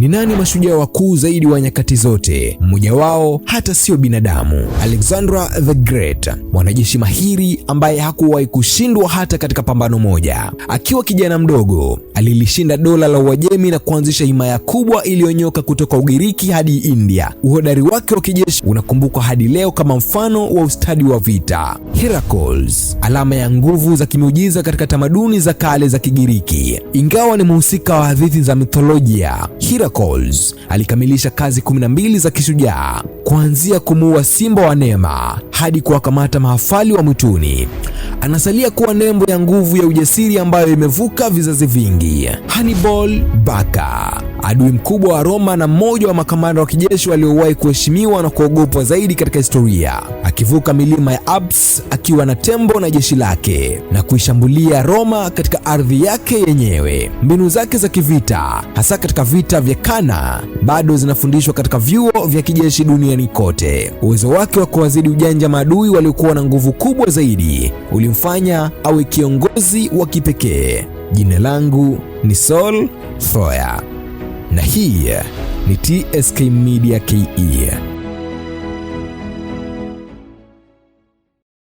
Ni nani mashujaa wakuu zaidi wa nyakati zote? Mmoja wao hata sio binadamu, Alexander the Great, mwanajeshi mahiri ambaye hakuwahi kushindwa hata katika pambano moja. Akiwa kijana mdogo, alilishinda dola la Uajemi na kuanzisha himaya kubwa iliyonyoka kutoka Ugiriki hadi India. Uhodari wake wa kijeshi unakumbukwa hadi leo kama mfano wa ustadi wa vita. Heracles, alama ya nguvu za kimiujiza katika tamaduni za kale za Kigiriki, ingawa ni mhusika wa hadithi za mitolojia. Miracles alikamilisha kazi 12 za kishujaa kuanzia kumuua simba wa Nema hadi kuwakamata mahafali wa mwituni. Anasalia kuwa nembo ya nguvu ya ujasiri ambayo imevuka vizazi vingi. Hannibal Barca adui mkubwa wa Roma na mmoja wa makamanda wa kijeshi waliowahi kuheshimiwa na kuogopwa zaidi katika historia, akivuka milima ya Alps akiwa na tembo na jeshi lake na kuishambulia Roma katika ardhi yake yenyewe. Mbinu zake za kivita, hasa katika vita vya Kana, bado zinafundishwa katika vyuo vya kijeshi duniani kote. Uwezo wake wa kuwazidi ujanja maadui waliokuwa na nguvu kubwa zaidi ulimfanya awe kiongozi wa kipekee. Jina langu ni Saul Foya na hii ni TSK Media KE.